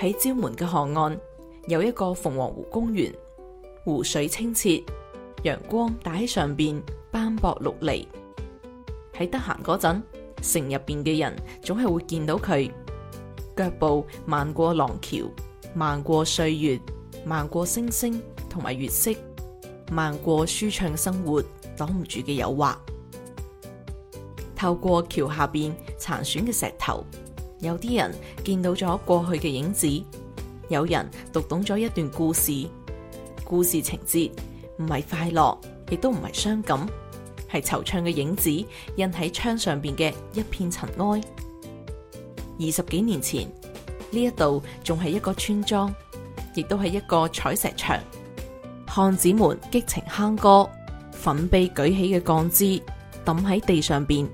喺蕉門嘅河岸有一個鳳凰湖公園，湖水清澈，陽光打喺上邊斑駁陸離。喺得閒嗰陣，城入邊嘅人總係會見到佢，腳步漫過廊橋，漫過歲月，漫過星星同埋月色，漫過舒暢生活擋唔住嘅誘惑。透過橋下邊殘損嘅石頭。有啲人見到咗過去嘅影子，有人讀懂咗一段故事。故事情節唔係快樂，亦都唔係傷感，係惆悵嘅影子印喺窗上邊嘅一片塵埃。二十幾年前，呢一度仲係一個村莊，亦都係一個採石場。漢子們激情夯歌，奮臂舉起嘅鋼钎抌喺地上邊，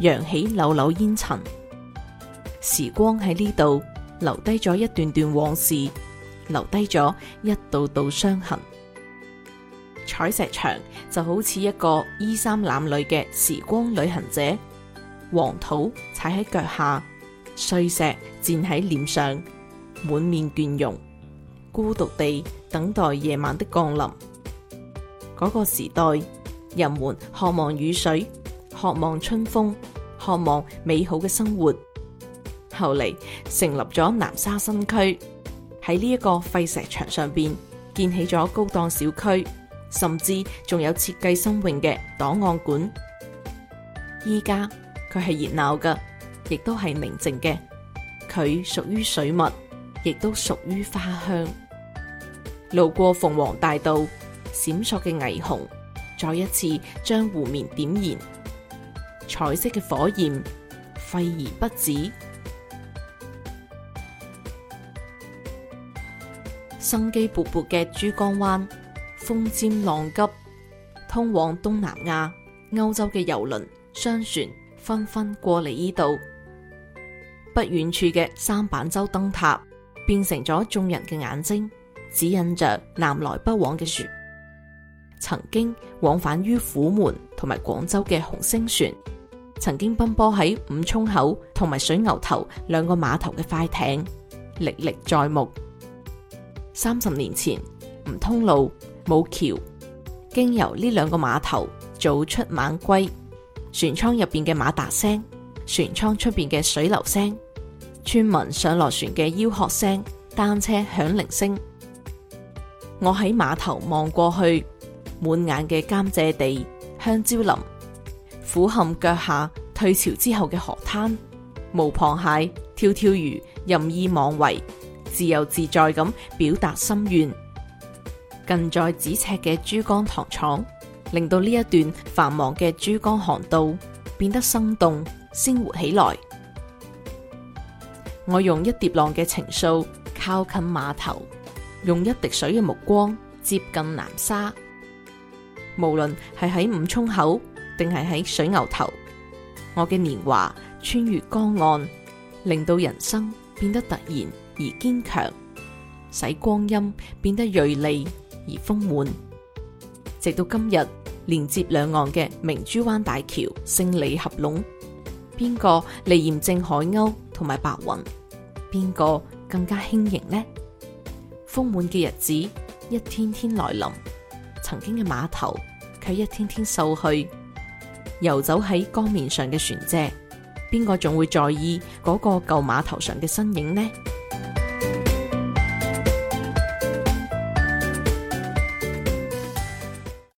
揚起縷縷煙塵。時光喺呢度留低咗一段段往事，留低咗一道道傷痕。采石場就好似一個衣衫襤褸嘅時光旅行者，黃土踩喺腳下，碎石濺喺臉上，滿面倦容，孤獨地等待夜晚的降臨。嗰個時代，人們渴望雨水，渴望春風，渴望美好嘅生活。後嚟成立咗南沙新區，喺呢一個廢石場上邊建起咗高檔小區，甚至仲有設計新穎嘅檔案館。依家佢係熱鬧嘅，亦都係寧靜嘅。佢屬於水墨，亦都屬於花香。路過鳳凰大道，閃爍嘅霓虹再一次將湖面點燃，彩色嘅火焰廢而不止。生機勃勃嘅珠江灣，風尖浪急，通往東南亞、歐洲嘅遊輪、商船紛紛過嚟呢度。不遠處嘅舢板洲燈塔，變成咗眾人嘅眼睛，指引着南來北往嘅船。曾經往返於虎門同埋廣州嘅紅星船，曾經奔波喺五涌口同埋水牛頭兩個碼頭嘅快艇，歷歷在目。三十年前，唔通路冇橋，經由呢兩個碼頭早出晚歸。船艙入邊嘅馬達聲，船艙出邊嘅水流聲，村民上落船嘅吆喝聲，單車響鈴聲。我喺碼頭望過去，滿眼嘅甘蔗地、香蕉林，俯瞰腳下退潮之後嘅河灘，毛螃蟹、跳跳魚任意妄為。自由自在咁表達心願，近在咫尺嘅珠江糖廠，令到呢一段繁忙嘅珠江航道變得生動鮮活起來。我用一疊浪嘅情愫靠近碼頭，用一滴水嘅目光接近南沙。無論係喺五涌口定係喺水牛頭，我嘅年華穿越江岸，令到人生變得突然。而堅強，使光陰變得銳利而豐滿。直到今日，連接兩岸嘅明珠灣大橋勝利合龍，邊個嚟驗證海鷗同埋白雲，邊個更加輕盈呢？豐滿嘅日子一天天來臨，曾經嘅碼頭卻一天天瘦去。游走喺江面上嘅船隻，邊個仲會在意嗰個舊碼頭上嘅身影呢？